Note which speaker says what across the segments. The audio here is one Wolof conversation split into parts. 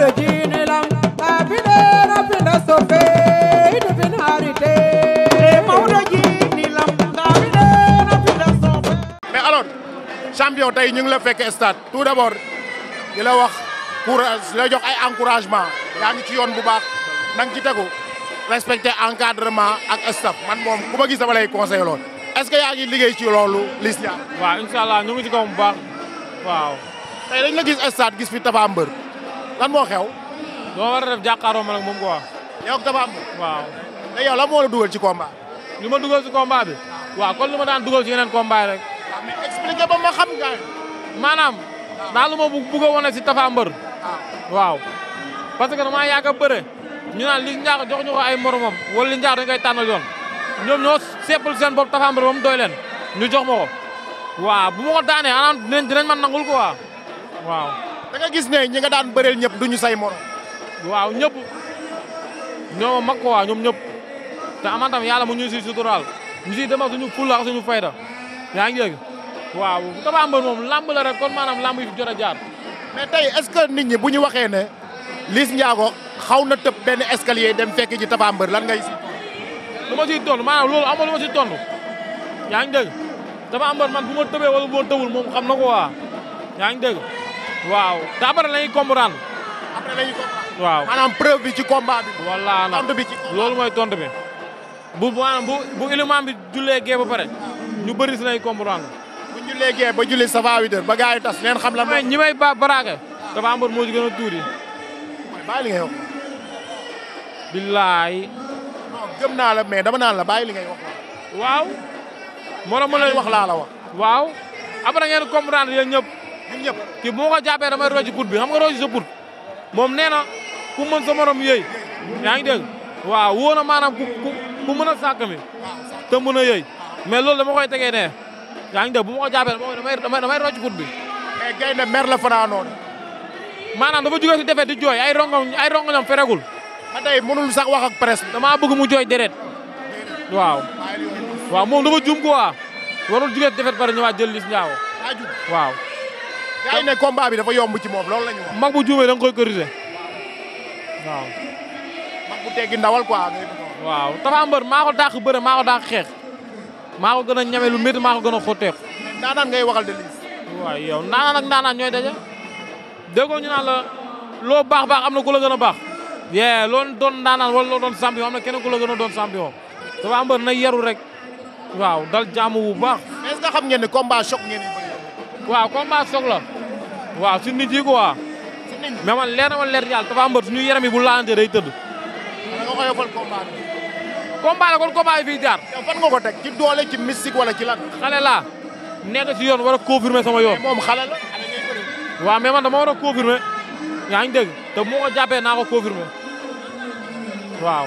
Speaker 1: ɓeɗo
Speaker 2: jiinilam mais alors champion tey ñu ngi la fekk stade tout d'abord di la wax courage di la jox ay encouragement yaa ngi ci yoon bu baax na nga ci tegu respecter encadrement ak staff man moom ku ma gis dama lay conseil lool est que yaa ngi
Speaker 1: liggéey ci loolu Liss waa waaw allah ñu ngi ci kaw bu baax waaw tey dañ la gis stade gis fi Tapha Mbeur lan moo xew. doo war a def ma nag moom quoi. a ak Tapha Mbeur. waaw te la moo la dugal ci combat. li ma dugal ci combat bi. waaw kon lu ma daan dugal ci yeneen combat rek. waaw ah, mais xam gars maanaam. daa lu ma bëgg a wane ci Tapha Mbeur. Ah. waaw parce que damaa yàgg a bëre. ñu naan li njaax jox ñu ko ay moromam wala li njaax dañ kay tànnal yoon. ñoom ñoo sepul seen bopp Tapha Mbeur ba mu ñu jox ma ko. waaw bu ma ko daanee anaan dinañ dinañ ma nangul quoi waaw. da nga gis ne ñi nga daan bëreel ñëpp duñu say morom. waaw ñëpp ñoom mag ko ñoom ñëpp te amaan tam yàlla mu ñu si suturaal ñu si demal suñu fulla ak suñu fayda yaa ngi dégg waaw Tapha Mbeur moom lamb la rek kon maanaam lamb yi fi a jaar. mais tey est-ce que nit ñi bu ñu waxee ne Liss Ndiago xaw na tëb benn escalier dem fekk ji Tapha Mbeur lan ngay si. lu ma siy tontu maanaam loolu amul lu ma siy tontu yaa ngi dégg Tapha man bu ma tëbee wala bu ma tëbul moom xam na ko waa yaa ngi dégg. waaw te après la ñuy comprendre. waaw maanaam preuve bi ci combat na tontu bi ci loolu mooy tontu bi. bu maanaam bu bu bi jullee gee ba ñu bëri si nañ comprendre. bu ñu gee ba julli sa va ba gars tas leen xam la. mooy ñi may ba baraage. dafa am bët moo ci gën billaay. gëm naa la mais dama naan la bàyyi li ngay wax. waaw. moo tax ma lay wax laa la wax. waaw. après ngeen comprendre yéen ñëpp. ñun ñëpp kii bu ma ko jàppee damay roji put bi xam nga roji sa put moom nee na ku mën sa morom yëy yaa ngi dégg waaw wóor na maanaam ku ku mën a sàkk mi te mën a yëy mais loolu dama koy tegee ne yaa ngi dégg bu ma ko jàppee damay damay roji put bi mais gay na mer la fanaanoon maanaam dafa jógee si defet di jooy ay rongoñ ay rongoñam feregul ba tey mënul sax wax ak presse bi damaa bëgg mu jooy deret waaw waaw moom dafa jum quoi warul jógee si defet bari jël lis njaaw waaw yaa ngi ne bi dafa yomb ci moom loolu la ñu wax. mag bu juumee da koy corriger waaw. mag bu teggi ndawal quoi. waaw Tapha Mbeur maa maa ko dàq xeex maa gën a ñeme lu métti maa gën a xotteeku. ndaanaan ngay waxal de lii. waaw yow ndaanaan ñooy daje. déggoo ñu naan la loo baax baax am na ku la gën a baax. yee loolu doon ndaanaan wal loo doon champion am na keneen ku la gën a doon champion. Tapha Mbeur na yaru rek. waaw dal jaamu bu baax. xam ngeen ne combat choc waaw combat soog la waaw si nit yi quoi. man leer na ma leer yàlla dafa mbër suñu yaram yi bu laalante day tëdd. da nga ko yokkal combat bi. combat la kon yi fiy jaar. ko teg ci doole ci mystique wala ci lan. xale laa nekk si yoon war a confirmer sama yoon. moom xale la xale waaw mais man dama war a confirmer yaa ngi dégg te bu ma jàppee naa ko confirmer waaw.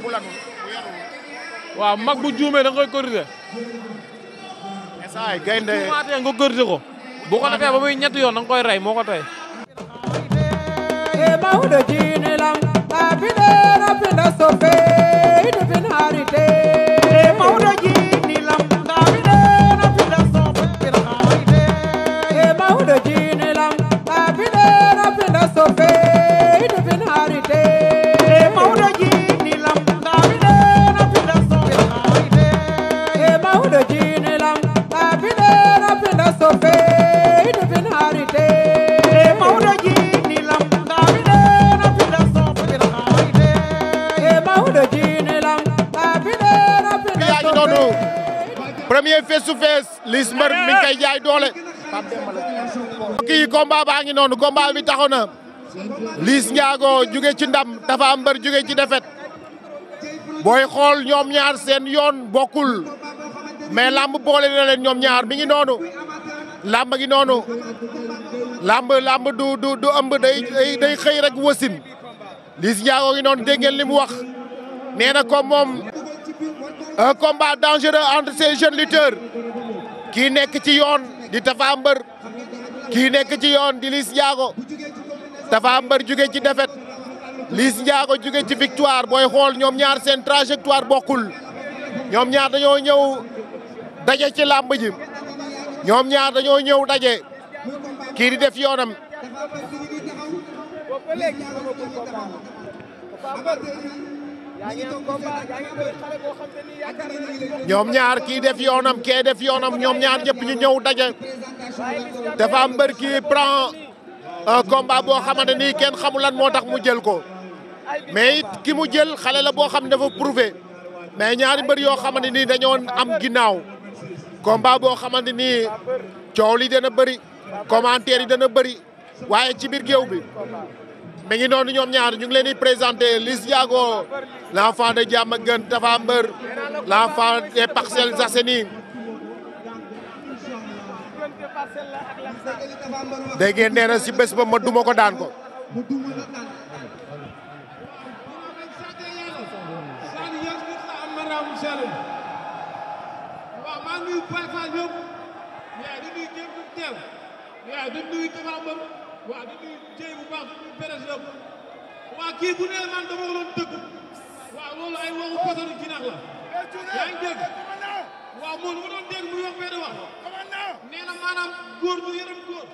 Speaker 2: bu lanu bu yaru.
Speaker 1: waaw mag bu juumee da nga koy saay gaynde tuumaatee nga gërte ko bu ko defee ba muy ñetti yoon da nga koy rey moo ko tey e eh, mawɗo
Speaker 2: noonu premier face to face Liss Mbeur mi ngi jaay doole. kii combat baa ngi noonu combat bi taxaw na Liss Ndiago jóge ci ndam Tapha Mbeur jóge ci défaite booy xool ñoom ñaar seen yoon bokkul mais làmb boole na leen ñoom ñaar bi ngi noonu làmb gi noonu làmb làmb du du du ëmb day xëy rek wasin Liss Ndiago ngi noonu dégg li mu wax. nee na ko moom un combat dangereux entre ces jeunes lutteurs kii nekk ci yoon di Tapha Mbeur kii nekk ci yoon di Liss Ndiago Tapha Mbeur jóge ci défaite Liss Ndiago jóge ci victoire booy xool ñoom ñaar seen trajectoire bokkul ñoom ñaar dañoo ñëw daje ci làmb ñoom ñaar dañoo ñëw daje kii di def yoonam ñoom ñaar kii def yoonam kee def yoonam ñoom ñaar ñëpp ñu ñëw daje dafa am mbër kii prend un combat boo xamante ni kenn xamul moo tax mu jël ko mais ki mu jël xale la boo xam ne dafa prouvé mais ñaari mbër yoo xamante ni dañoo am ginnaaw combat boo xamante ni coow li dana bëri commentaire yi dana bëri waaye ci biir géew bi mi ngi noonu ñoom ñaar ñu ngi leen di présenté Liss Ndiago l'enfant de Diamaguène Tapha Mbeur l'enfant des Parcelles Assainies
Speaker 1: dégg ngeen nee na si
Speaker 2: bés ba ma duma ko daan ko
Speaker 1: waaw di jéy bu baax di nuyu président waaw kii bu nee man dama waroon dëgg waaw loolu ay waxu posaru ginnaaw la yaa ngi dégg waaw moom lu ma doon dégg muy wax benn wax nee na maanaam góor du yërëm góor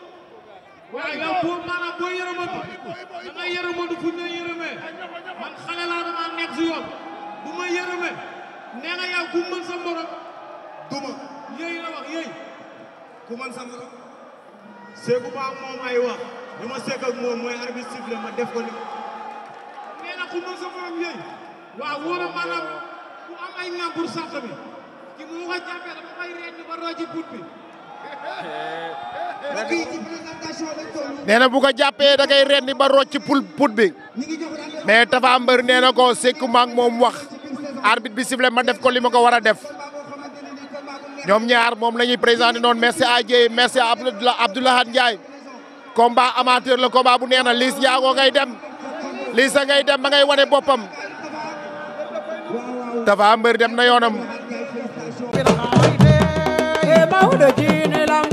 Speaker 1: waaw yow boo maanaam boo yërëmatu da ngay yërëmatu fu ñu yërëmee nee na yow ku mën sa duma yooyu la wax ku mën sa séegu ba moom ay wax li ma séeg moom mooy arbitre siffle ma def ko ni nee na jàppee dafa koy ba rooji
Speaker 2: bu ko jàppee da koy rendi ba rocc ci pul put bi mais Tapha Mbeur nee na ko sekku maak moom wax arbit bi sifflé ma def ko li ma ko war a def ñoom ñaar moom la ñuy présenté noonu merci à Dieye merci à Abdoulahad Ndiaye combat amateur la combat bu neex na liis Ndiago ngay dem Liss a ngay dem ma ngay wane boppam Tapha Mbeur dem na yoonam
Speaker 1: ma hudo jiini lam